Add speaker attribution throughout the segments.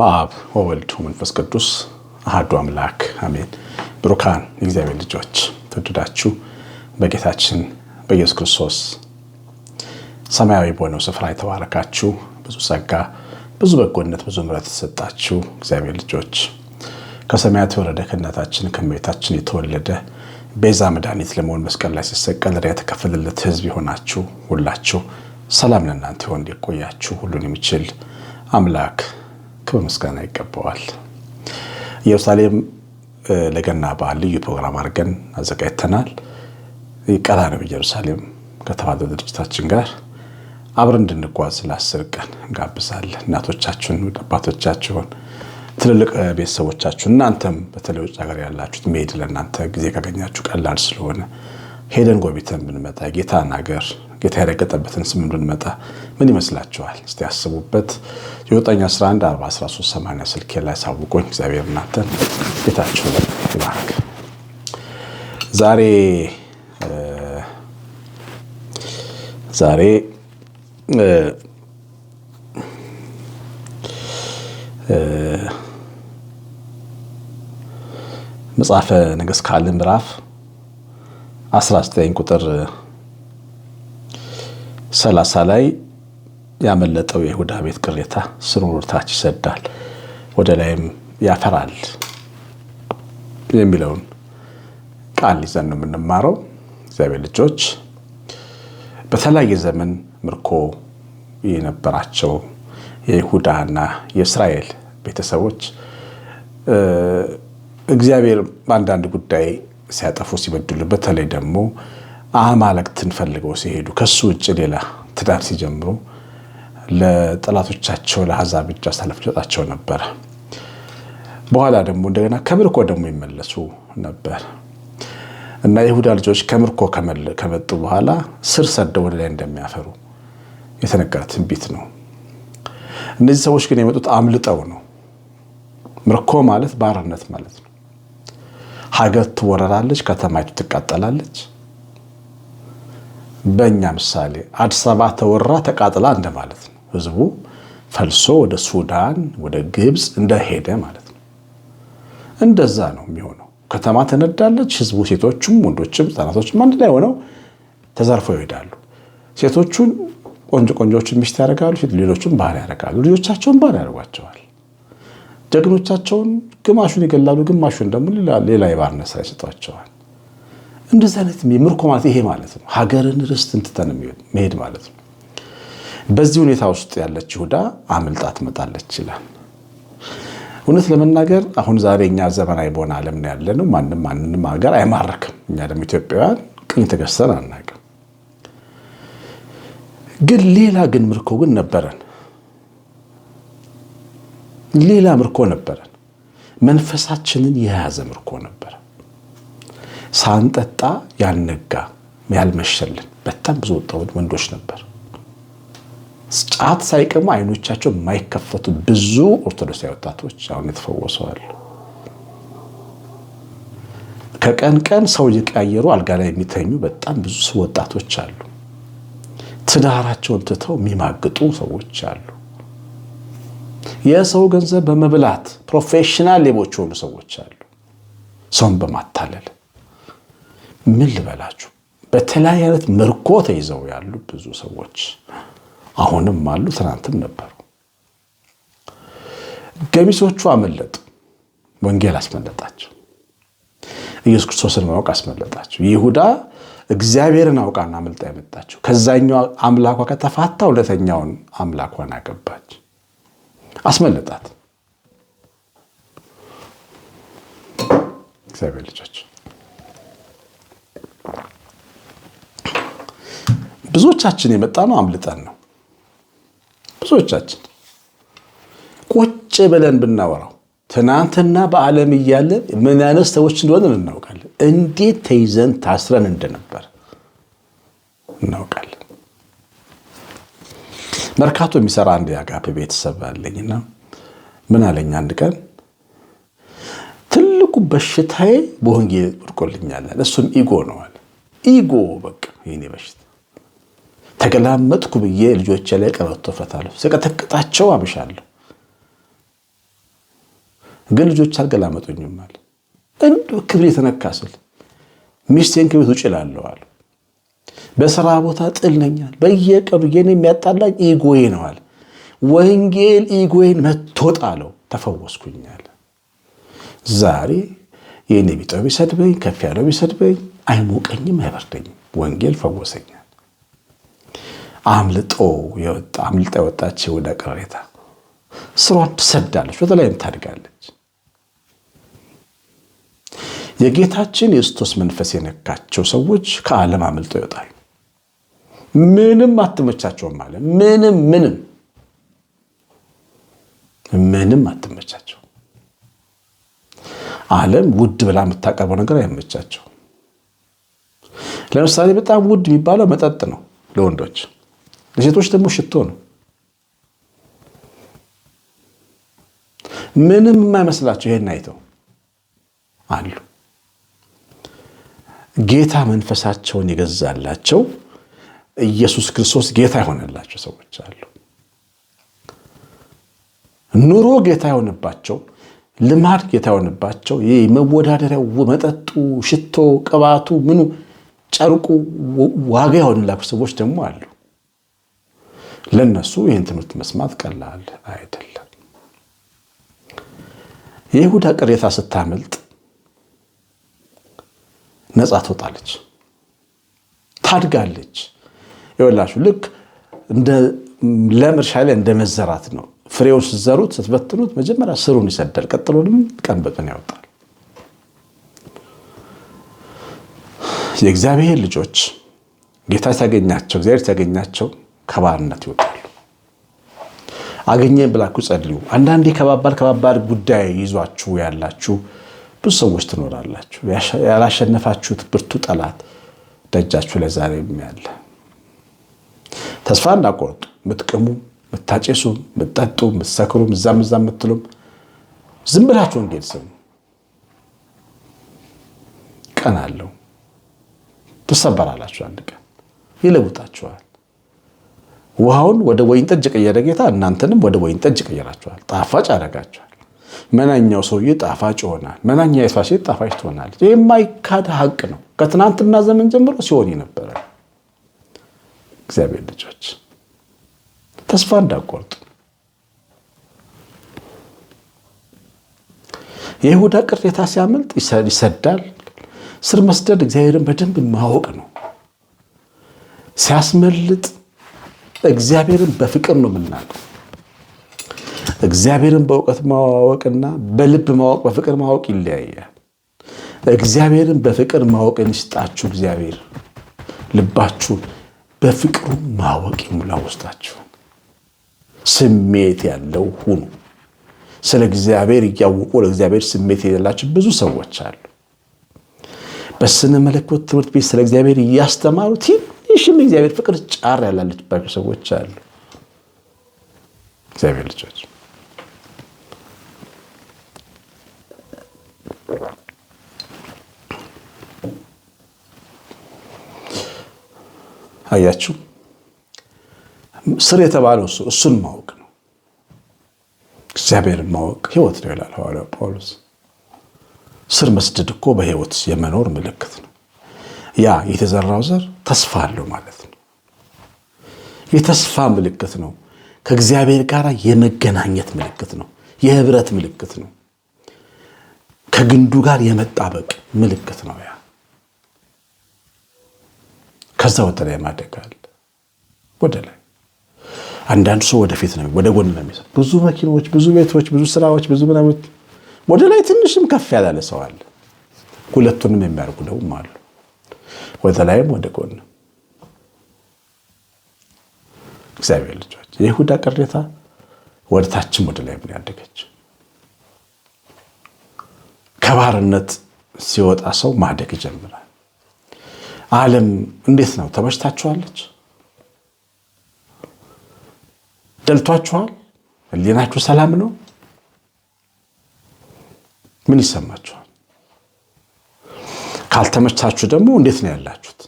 Speaker 1: በአብ ወወልድ መንፈስ ቅዱስ አህዱ አምላክ አሜን። ብሩካን የእግዚአብሔር ልጆች ተወደዳችሁ በጌታችን በኢየሱስ ክርስቶስ ሰማያዊ በሆነው ስፍራ የተባረካችሁ ብዙ ጸጋ፣ ብዙ በጎነት፣ ብዙ ምሕረት የተሰጣችሁ እግዚአብሔር ልጆች ከሰማያት የወረደ ከእናታችን ከእመቤታችን የተወለደ ቤዛ መድኃኒት ለመሆን መስቀል ላይ ሲሰቀል ዕዳ የተከፈለለት ሕዝብ የሆናችሁ ሁላችሁ ሰላም ለእናንተ ይሆን። እንዲቆያችሁ ሁሉን የሚችል አምላክ ክብር ምስጋና ይገባዋል። ኢየሩሳሌም ለገና በዓል ልዩ ፕሮግራም አድርገን አዘጋጅተናል። ቀና ነው ኢየሩሳሌም ከተባለ ድርጅታችን ጋር አብረን እንድንጓዝ ለአስር ቀን እንጋብዛለን። እናቶቻችሁን፣ አባቶቻችሁን፣ ትልልቅ ቤተሰቦቻችሁን እናንተም በተለይ ውጭ ሀገር ያላችሁት መሄድ ለእናንተ ጊዜ ካገኛችሁ ቀላል ስለሆነ ሄደን ጎብኝተን ብንመጣ ጌታን ሀገር ጌታ የረገጠበትን ስም ብንመጣ ምን ይመስላችኋል? እስቲ ያስቡበት። የወጣኝ 11 40 13 80 ስልኬ ላይ ሳውቆኝ እግዚአብሔር እናንተን ቤታችሁ ይባርክ። ዛሬ ዛሬ መጽሐፈ ነገሥት ካልዕ ምዕራፍ 19 ቁጥር 30 ላይ ያመለጠው የይሁዳ ቤት ቅሬታ ስሩን ወደታች ይሰዳል፣ ወደ ላይም ያፈራል የሚለውን ቃል ይዘን ነው የምንማረው። እግዚአብሔር ልጆች በተለያየ ዘመን ምርኮ የነበራቸው የይሁዳና የእስራኤል ቤተሰቦች እግዚአብሔር በአንዳንድ ጉዳይ ሲያጠፉ ሲበድሉ፣ በተለይ ደግሞ አማልክትን ፈልገው ሲሄዱ ከሱ ውጭ ሌላ ትዳር ሲጀምሩ ለጠላቶቻቸው ለአሕዛብ እጅ አሳልፎ ይሰጣቸው በኋላ ደግሞ እንደገና ከምርኮ ደግሞ ይመለሱ ነበር እና የይሁዳ ልጆች ከምርኮ ከመጡ በኋላ ስር ሰደው ወደ ላይ እንደሚያፈሩ የተነገረ ትንቢት ነው። እነዚህ ሰዎች ግን የመጡት አምልጠው ነው። ምርኮ ማለት ባርነት ማለት ነው። ሀገር ትወረራለች፣ ከተማይቱ ትቃጠላለች። በእኛ ምሳሌ አዲስ አበባ ተወራ ተቃጥላ እንደማለት ነው። ህዝቡ ፈልሶ ወደ ሱዳን ወደ ግብፅ እንደሄደ ማለት ነው። እንደዛ ነው የሚሆነው። ከተማ ትነዳለች። ህዝቡ ሴቶችም ወንዶችም፣ ህጻናቶችም አንድ ላይ ሆነው ተዘርፈው ይሄዳሉ። ሴቶቹን ቆንጆ ቆንጆዎችን ሚስት ያደርጋሉ። ሌሎቹን ባህር ያደርጋሉ። ልጆቻቸውን ባህር ያደርጓቸዋል። ጀግኖቻቸውን ግማሹን ይገላሉ፣ ግማሹን ደግሞ ሌላ የባርነት ስራ ይሰጧቸዋል። እንደዚህ አይነት ምርኮ ማለት ይሄ ማለት ነው። ሀገርን ርስት እንትተን መሄድ ማለት ነው። በዚህ ሁኔታ ውስጥ ያለች ይሁዳ አምልጣ ትመጣለች ይላል። እውነት ለመናገር አሁን ዛሬ እኛ ዘመናዊ በሆነ ዓለም ነው ያለነው። ማንም ማንንም ሀገር አይማርክም። እኛ ደግሞ ኢትዮጵያውያን ቅኝ ተገዝተን አናውቅም። ግን ሌላ ግን ምርኮ ግን ነበረን። ሌላ ምርኮ ነበረን። መንፈሳችንን የያዘ ምርኮ ነበረ። ሳንጠጣ ያልነጋ ያልመሸልን በጣም ብዙ ወጣ ወንዶች ነበር። ጫት ሳይቀሙ አይኖቻቸው የማይከፈቱ ብዙ ኦርቶዶክሳዊ ወጣቶች አሁን የተፈወሰዋል። ከቀን ቀን ሰው እየቀያየሩ አልጋ ላይ የሚተኙ በጣም ብዙ ወጣቶች አሉ። ትዳራቸውን ትተው የሚማግጡ ሰዎች አሉ። የሰው ገንዘብ በመብላት ፕሮፌሽናል ሌቦች የሆኑ ሰዎች አሉ። ሰውን በማታለል ምን ልበላችሁ፣ በተለያየ አይነት ምርኮ ተይዘው ያሉ ብዙ ሰዎች አሁንም አሉ፣ ትናንትም ነበሩ። ገሚሶቹ አመለጡ። ወንጌል አስመለጣቸው። ኢየሱስ ክርስቶስን ማወቅ አስመለጣቸው። ይሁዳ እግዚአብሔርን አውቃና አምልጣ የመጣቸው ከዛኛው አምላኳ ከተፋታ ሁለተኛውን አምላኳን አገባች። አስመለጣት። እግዚአብሔር ልጆች ብዙዎቻችን የመጣ ነው አምልጠን ነው ብዙዎቻችን ቁጭ ብለን ብናወራው ትናንትና በዓለም እያለን ምን አይነት ሰዎች እንደሆነ እናውቃለን። እንዴት ተይዘን ታስረን እንደነበር እናውቃለን። መርካቶ የሚሰራ አንድ የአጋፔ ቤተሰብ አለኝና ምን አለኝ አንድ ቀን ትልቁ በሽታዬ በወንጌል ወድቆልኛል። እሱም ኢጎ ነዋል። ኢጎ በቃ ይህኔ በሽታ ተገላመጥኩ ብዬ ልጆቼ ላይ ቀበቶ እፈታለሁ፣ ስቀጠቅጣቸው አመሻለሁ። ግን ልጆች አልገላመጡኝም አለ። እንዲሁ ክብር የተነካ ስል ሚስቴን ከቤት ውጭ እላለዋል። በስራ ቦታ ጥል ነኛል። በየቀኑ የኔ የሚያጣላኝ ኢጎዬ ነዋል። ወንጌል ኢጎዬን መቶጣ አለው። ተፈወስኩኛል። ዛሬ የኔ ቢጠው ቢሰድበኝ፣ ከፍ ያለው ቢሰድበኝ አይሞቀኝም፣ አይበርደኝም። ወንጌል ፈወሰኝ። አምልጦ የወጣ አምልጣ የወጣች ወደ ቅሬታ ስሯን ትሰዳለች፣ በተለይም ታድጋለች። የጌታችን የክርስቶስ መንፈስ የነካቸው ሰዎች ከዓለም አምልጦ ይወጣሉ። ምንም አትመቻቸውም አለ። ምንም ምንም ምንም አትመቻቸው። ዓለም ውድ ብላ የምታቀርበው ነገር አይመቻቸው። ለምሳሌ በጣም ውድ የሚባለው መጠጥ ነው ለወንዶች ለሴቶች ደግሞ ሽቶ ነው። ምንም የማይመስላቸው ይሄን አይተው አሉ። ጌታ መንፈሳቸውን የገዛላቸው ኢየሱስ ክርስቶስ ጌታ የሆነላቸው ሰዎች አሉ። ኑሮ ጌታ የሆነባቸው፣ ልማድ ጌታ የሆነባቸው፣ መወዳደሪያው መጠጡ፣ ሽቶ፣ ቅባቱ፣ ምኑ፣ ጨርቁ ዋጋ የሆንላቸው ሰዎች ደግሞ አሉ። ለነሱ ይህን ትምህርት መስማት ቀላል አይደለም። የይሁዳ ቅሬታ ስታመልጥ ነጻ ትወጣለች፣ ታድጋለች። ይወላችሁ ልክ ለም እርሻ ላይ እንደ መዘራት ነው። ፍሬውን ስትዘሩት ስትበትኑት፣ መጀመሪያ ስሩን ይሰዳል፣ ድም ቀን በቀን ያወጣል። የእግዚአብሔር ልጆች ጌታ ሲያገኛቸው እግዚአብሔር ሲያገኛቸው ከባርነት ይወጣሉ። አገኘን ብላችሁ ጸልዩ። አንዳንዴ ከባባድ ከባባድ ጉዳይ ይዟችሁ ያላችሁ ብዙ ሰዎች ትኖራላችሁ። ያላሸነፋችሁት ብርቱ ጠላት ደጃችሁ ለዛሬ ዛሬም ያለ። ተስፋ እንዳቆርጡ ምትቅሙ፣ ምታጨሱ፣ ምጠጡ፣ ምትሰክሩም፣ እዛም እዛም ምትሉም ዝም ብላችሁ እንዴት ስሙ። ቀን አለው። ትሰበራላችሁ። አንድ ቀን ይለውጣችኋል። ውሃውን ወደ ወይን ጠጅ የቀየረ ጌታ እናንተንም ወደ ወይን ጠጅ ይቀይራቸዋል፣ ጣፋጭ አደርጋቸዋል። መናኛው ሰውዬ ጣፋጭ ይሆናል፣ የሷ ሴት ጣፋጭ ትሆናለች። ይህ የማይካድ ሀቅ ነው። ከትናንትና ዘመን ጀምሮ ሲሆን ነበረ። እግዚአብሔር ልጆች ተስፋ እንዳቆርጡ የይሁዳ ቅሬታ ሲያመልጥ ይሰዳል። ስር መስደድ እግዚአብሔርን በደንብ ማወቅ ነው። ሲያስመልጥ እግዚአብሔርን በፍቅር ነው የምናውቀው። እግዚአብሔርን በእውቀት ማወቅና በልብ ማወቅ በፍቅር ማወቅ ይለያያል። እግዚአብሔርን በፍቅር ማወቅ ይስጣችሁ። እግዚአብሔር ልባችሁ በፍቅሩ ማወቅ ይሙላ ስሜት ያለው ሁኑ። ስለ እግዚአብሔር እያወቁ ለእግዚአብሔር ስሜት የሌላቸው ብዙ ሰዎች አሉ። በስነ መለኮት ትምህርት ቤት ስለ እግዚአብሔር እያስተማሩት ትንሽም እግዚአብሔር ፍቅር ጫር ያላለችባቸው ሰዎች አሉ። እግዚአብሔር ልጆች አያችሁ፣ ስር የተባለው እሱ እሱን ማወቅ ነው። እግዚአብሔርን ማወቅ ህይወት ነው ይላል ሐዋርያው ጳውሎስ። ስር መስደድ እኮ በህይወት የመኖር ምልክት ነው። ያ የተዘራው ዘር ተስፋ አለው ማለት ነው። የተስፋ ምልክት ነው። ከእግዚአብሔር ጋር የመገናኘት ምልክት ነው። የህብረት ምልክት ነው። ከግንዱ ጋር የመጣበቅ ምልክት ነው። ያ ከዛ ወደ ላይ ማደጋል። ወደ ላይ አንዳንድ ሰው ወደፊት ነው፣ ወደ ጎን ነው የሚሰ ብዙ መኪኖች፣ ብዙ ቤቶች፣ ብዙ ስራዎች፣ ብዙ ምናምን። ወደ ላይ ትንሽም ከፍ ያላለ ሰው አለ። ሁለቱንም የሚያርጉ ደውም አሉ። ወደ ላይም ወደ ጎን። እግዚአብሔር ልጆች የይሁዳ ቅሬታ ወደ ታችም ወደ ላይም ያደገች። ከባርነት ሲወጣ ሰው ማደግ ይጀምራል። አለም እንዴት ነው? ተመችታችኋለች? ደልቷችኋል? ህሊናችሁ ሰላም ነው? ምን ይሰማችኋል? ካልተመቻችሁ ደግሞ እንዴት ነው ያላችሁት?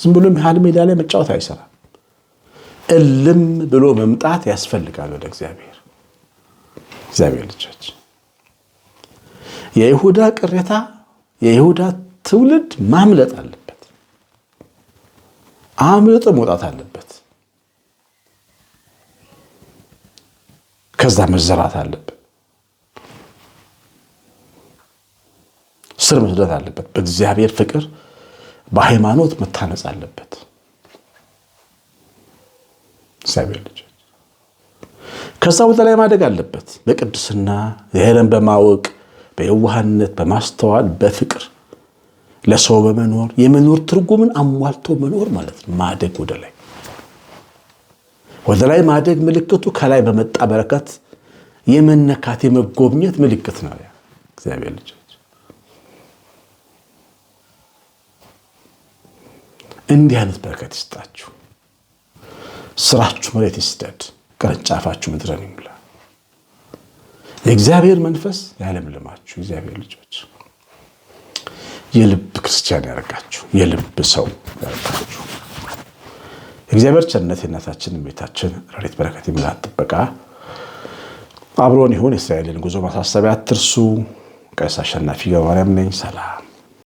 Speaker 1: ዝም ብሎ መሃል ሜዳ ላይ መጫወት አይሰራም። እልም ብሎ መምጣት ያስፈልጋል ወደ እግዚአብሔር። እግዚአብሔር ልጆች፣ የይሁዳ ቅሬታ የይሁዳ ትውልድ ማምለጥ አለበት፣ አምልጦ መውጣት አለበት፣ ከዛ መዘራት አለበት። ስር መስደት አለበት። በእግዚአብሔር ፍቅር በሃይማኖት መታነጽ አለበት። እግዚአብሔር ልጆች ከዛ ቦታ ላይ ማደግ አለበት። በቅድስና ይሄንን በማወቅ በየዋህነት በማስተዋል በፍቅር ለሰው በመኖር የመኖር ትርጉምን አሟልቶ መኖር ማለት ነው። ማደግ ወደ ላይ ወደ ላይ ማደግ ምልክቱ ከላይ በመጣ በረከት የመነካት የመጎብኘት ምልክት ነው። እግዚአብሔር ልጆች እንዲህ አይነት በረከት ይስጣችሁ። ስራችሁ መሬት ይስደድ፣ ቅርንጫፋችሁ ምድረን ይሙላ። የእግዚአብሔር መንፈስ ያለምልማችሁ። እግዚአብሔር ልጆች የልብ ክርስቲያን ያደርጋችሁ፣ የልብ ሰው ያደርጋችሁ። የእግዚአብሔር ቸርነት የእናታችን ቤታችን ረድኤት በረከት ይሙላት ጥበቃ አብሮን ይሁን። የእስራኤልን ጉዞ ማሳሰቢያ አትርሱ። ቀሲስ አሸናፊ ገብረማርያም ነኝ። ሰላም